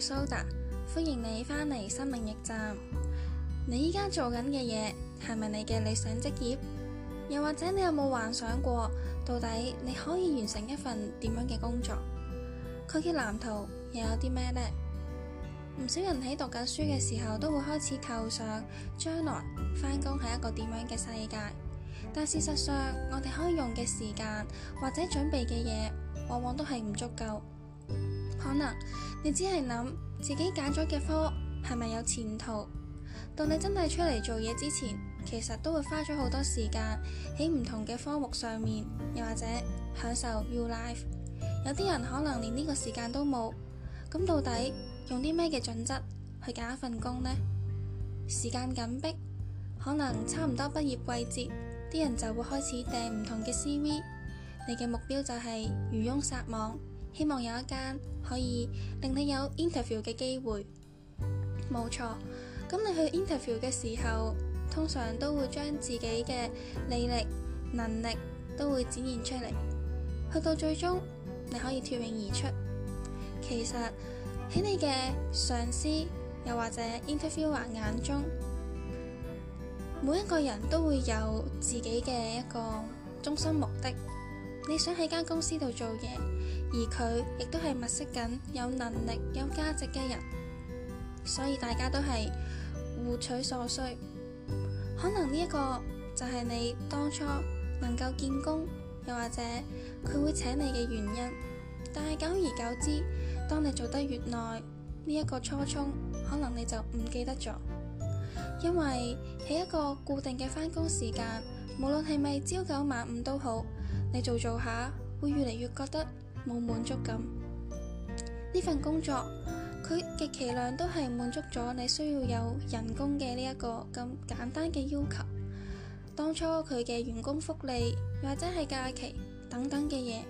Soul Dã，Soda，歡迎你返嚟心靈驛站。你依家做緊嘅嘢係咪你嘅理想職業？又或者你有冇幻想過，到底你可以完成一份點樣嘅工作？佢嘅藍圖又有啲咩呢？唔少人喺讀緊書嘅時候都會開始構想將來返工係一個點樣嘅世界，但事實上我哋可以用嘅時間或者準備嘅嘢，往往都係唔足夠。可能你只係諗自己揀咗嘅科係咪有前途？到你真係出嚟做嘢之前，其實都會花咗好多時間喺唔同嘅科目上面，又或者享受 your life。有啲人可能連呢個時間都冇。咁到底用啲咩嘅準則去揀一份工呢？時間緊迫，可能差唔多畢業季節，啲人就會開始訂唔同嘅 CV。你嘅目標就係漁翁撒網。希望有一間可以令你有 interview 嘅機會，冇錯。咁你去 interview 嘅時候，通常都會將自己嘅履歷、能力都會展現出嚟。去到最終，你可以脫穎而出。其實喺你嘅上司又或者 interviewer 眼中，每一個人都會有自己嘅一個中心目的。你想喺間公司度做嘢。而佢亦都係物色緊有能力、有價值嘅人，所以大家都係互取所需。可能呢一個就係你當初能夠見工，又或者佢會請你嘅原因。但係久而久之，當你做得越耐，呢、這、一個初衷可能你就唔記得咗，因為喺一個固定嘅返工時間，無論係咪朝九晚五都好，你做做下會越嚟越覺得。冇滿足感。呢份工作，佢極其量都係滿足咗你需要有人工嘅呢一個咁簡單嘅要求。當初，佢嘅員工福利，又或者係假期等等嘅嘢，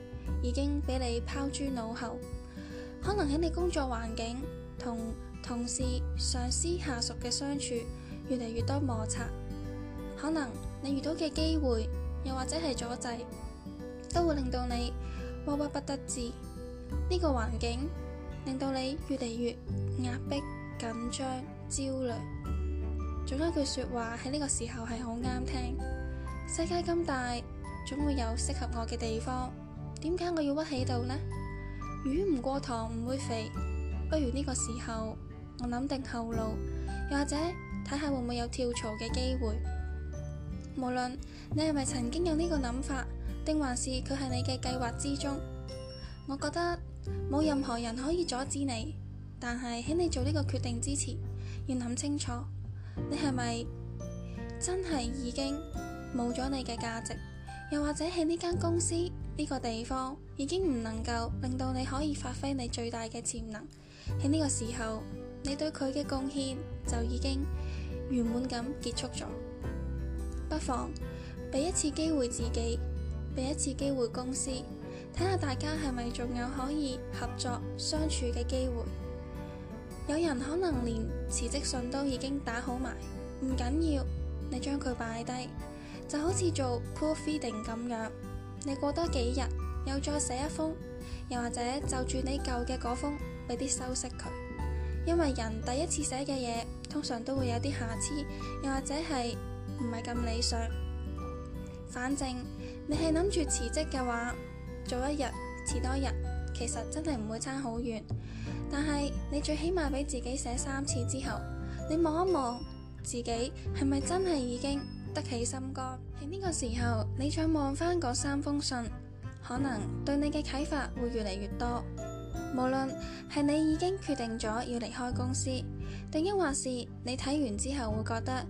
已經俾你拋諸腦後。可能喺你工作環境、同同事、上司、下屬嘅相處越嚟越多摩擦，可能你遇到嘅機會，又或者係阻滯，都會令到你。鬱鬱不得志，呢個環境令到你越嚟越壓迫、緊張、焦慮。總有一句說話喺呢個時候係好啱聽：世界咁大，總會有適合我嘅地方。點解我要屈喺度呢？魚唔過塘唔會肥，不如呢個時候我諗定後路，又或者睇下會唔會有跳槽嘅機會。無論你係咪曾經有呢個諗法。定還是佢係你嘅計劃之中。我覺得冇任何人可以阻止你，但係喺你做呢個決定之前，要諗清楚，你係咪真係已經冇咗你嘅價值？又或者喺呢間公司呢個地方已經唔能夠令到你可以發揮你最大嘅潛能？喺呢個時候，你對佢嘅貢獻就已經圓滿咁結束咗。不妨俾一次機會自己。俾一次機會公司，睇下大家係咪仲有可以合作相處嘅機會。有人可能連辭職信都已經打好埋，唔緊要，你將佢擺低，就好似做 proofreading 咁樣。你過多幾日，又再寫一封，又或者就住你舊嘅嗰封，俾啲修飾佢。因為人第一次寫嘅嘢，通常都會有啲瑕疵，又或者係唔係咁理想。反正你係諗住辭職嘅話，做一日辭多日，其實真係唔會差好遠。但係你最起碼俾自己寫三次之後，你望一望自己係咪真係已經得起心肝？喺呢 個時候，你再望翻嗰三封信，可能對你嘅啟發會越嚟越多。無論係你已經決定咗要離開公司，定抑或是你睇完之後會覺得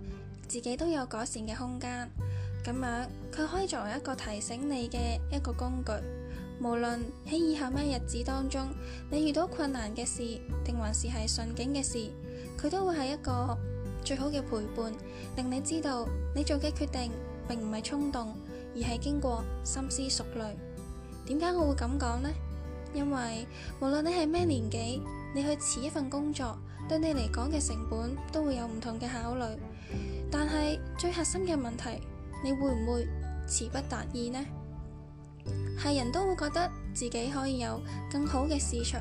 自己都有改善嘅空間。咁樣佢可以作為一個提醒你嘅一個工具，無論喺以後咩日子當中，你遇到困難嘅事，定還是係順境嘅事，佢都會係一個最好嘅陪伴，令你知道你做嘅決定並唔係衝動，而係經過深思熟慮。點解我會咁講呢？因爲無論你係咩年紀，你去辭一份工作，對你嚟講嘅成本都會有唔同嘅考慮，但係最核心嘅問題。你會唔會辭不達意呢？係人都會覺得自己可以有更好嘅市場，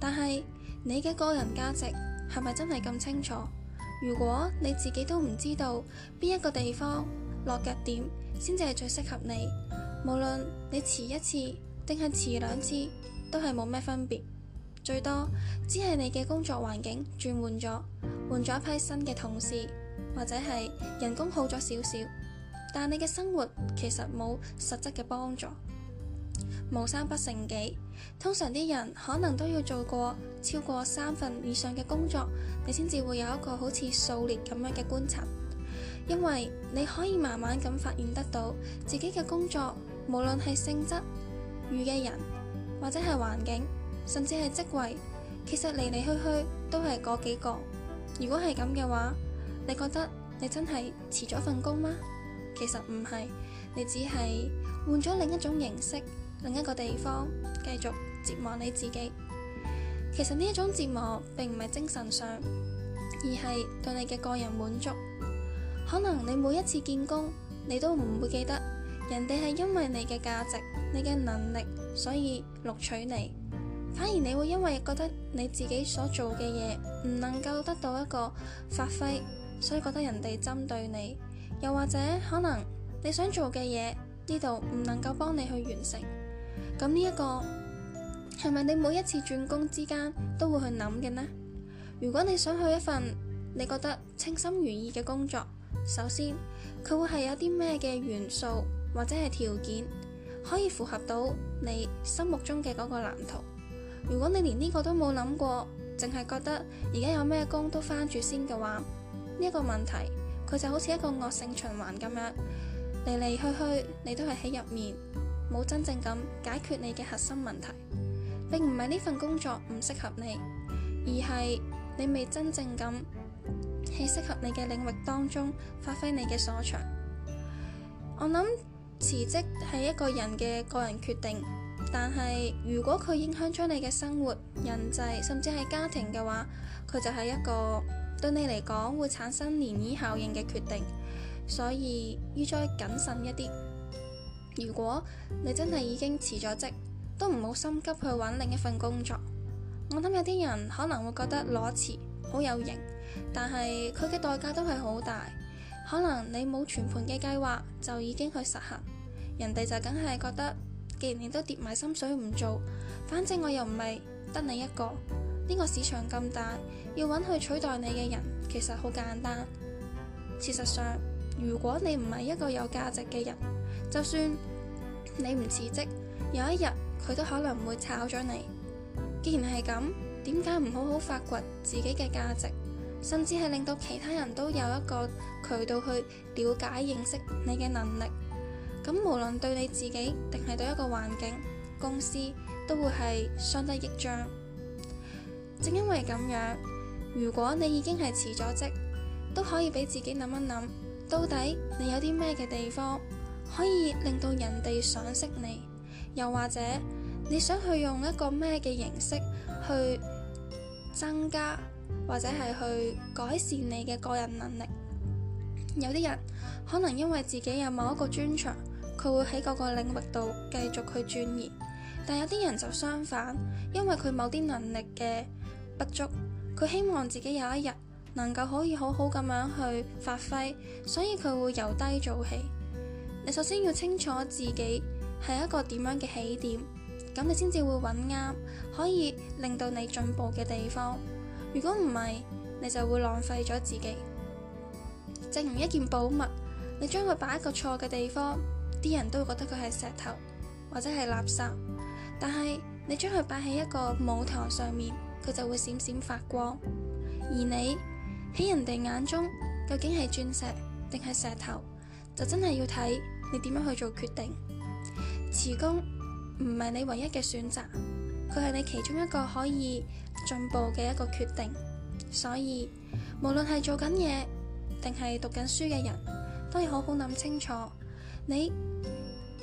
但係你嘅個人價值係咪真係咁清楚？如果你自己都唔知道邊一個地方落腳點先至係最適合你，無論你辭一次定係辭兩次都係冇咩分別，最多只係你嘅工作環境轉換咗，換咗一批新嘅同事，或者係人工好咗少少。但你嘅生活其實冇實質嘅幫助，無三不成幾。通常啲人可能都要做過超過三份以上嘅工作，你先至會有一個好似數列咁樣嘅觀察。因為你可以慢慢咁發現得到自己嘅工作，無論係性質、遇嘅人或者係環境，甚至係職位，其實嚟嚟去去都係嗰幾個。如果係咁嘅話，你覺得你真係辭咗份工嗎？其實唔係，你只係換咗另一種形式，另一個地方繼續折磨你自己。其實呢一種折磨並唔係精神上，而係對你嘅個人滿足。可能你每一次見工，你都唔會記得人哋係因為你嘅價值、你嘅能力所以錄取你，反而你會因為覺得你自己所做嘅嘢唔能夠得到一個發揮，所以覺得人哋針對你。又或者可能你想做嘅嘢，呢度唔能夠幫你去完成，咁呢一個係咪你每一次轉工之間都會去諗嘅呢？如果你想去一份你覺得稱心如意嘅工作，首先佢會係有啲咩嘅元素或者係條件可以符合到你心目中嘅嗰個藍圖。如果你連呢個都冇諗過，淨係覺得而家有咩工都翻住先嘅話，呢一個問題。佢就好似一個惡性循環咁樣嚟嚟去去，你都係喺入面冇真正咁解決你嘅核心問題，並唔係呢份工作唔適合你，而係你未真正咁喺適合你嘅領域當中發揮你嘅所長。我諗辭職係一個人嘅個人決定，但係如果佢影響咗你嘅生活、人際，甚至係家庭嘅話，佢就係一個。對你嚟講會產生漣漪效應嘅決定，所以要再謹慎一啲。如果你真係已經辭咗職，都唔好心急去揾另一份工作。我諗有啲人可能會覺得裸辭好有型，但係佢嘅代價都係好大。可能你冇全盤嘅計劃就已經去實行，人哋就梗係覺得，既然你都跌埋心水唔做，反正我又唔係得你一個。呢個市場咁大，要搵去取代你嘅人，其實好簡單。事實上，如果你唔係一個有價值嘅人，就算你唔辭職，有一日佢都可能唔會炒咗你。既然係咁，點解唔好好發掘自己嘅價值，甚至係令到其他人都有一個渠道去了解、認識你嘅能力？咁無論對你自己定係對一個環境、公司，都會係相得益彰。正因為咁樣，如果你已經係辭咗職，都可以俾自己諗一諗，到底你有啲咩嘅地方可以令到人哋賞識你，又或者你想去用一個咩嘅形式去增加，或者係去改善你嘅個人能力。有啲人可能因為自己有某一個專長，佢會喺各個領域度繼續去鑽研，但有啲人就相反，因為佢某啲能力嘅。不足，佢希望自己有一日能夠可以好好咁樣去發揮，所以佢會由低做起。你首先要清楚自己係一個點樣嘅起點，咁你先至會揾啱可以令到你進步嘅地方。如果唔係，你就會浪費咗自己。正如一件寶物，你將佢擺一個錯嘅地方，啲人都會覺得佢係石頭或者係垃圾。但係你將佢擺喺一個舞台上面。佢就會閃閃發光，而你喺人哋眼中究竟係鑽石定係石頭，就真係要睇你點樣去做決定。辭工唔係你唯一嘅選擇，佢係你其中一個可以進步嘅一個決定。所以無論係做緊嘢定係讀緊書嘅人，都要好好諗清楚，你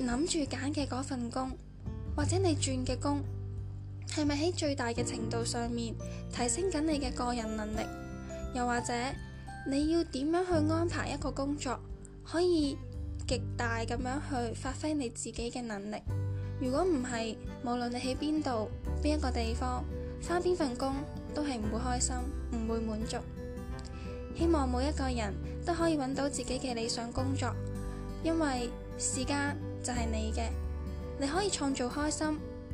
諗住揀嘅嗰份工，或者你轉嘅工，係咪喺最大嘅程度上面提升緊你嘅個人能力？又或者你要點樣去安排一個工作，可以極大咁樣去發揮你自己嘅能力？如果唔係，無論你喺邊度、邊一個地方、返邊份工，都係唔會開心、唔會滿足。希望每一個人都可以揾到自己嘅理想工作，因為時間就係你嘅，你可以創造開心，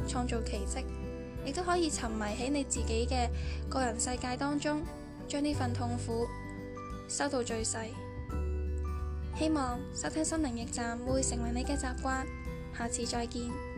創造奇蹟。亦都可以沉迷喺你自己嘅個人世界當中，將呢份痛苦收到最細。希望收聽心靈驛站會成為你嘅習慣，下次再見。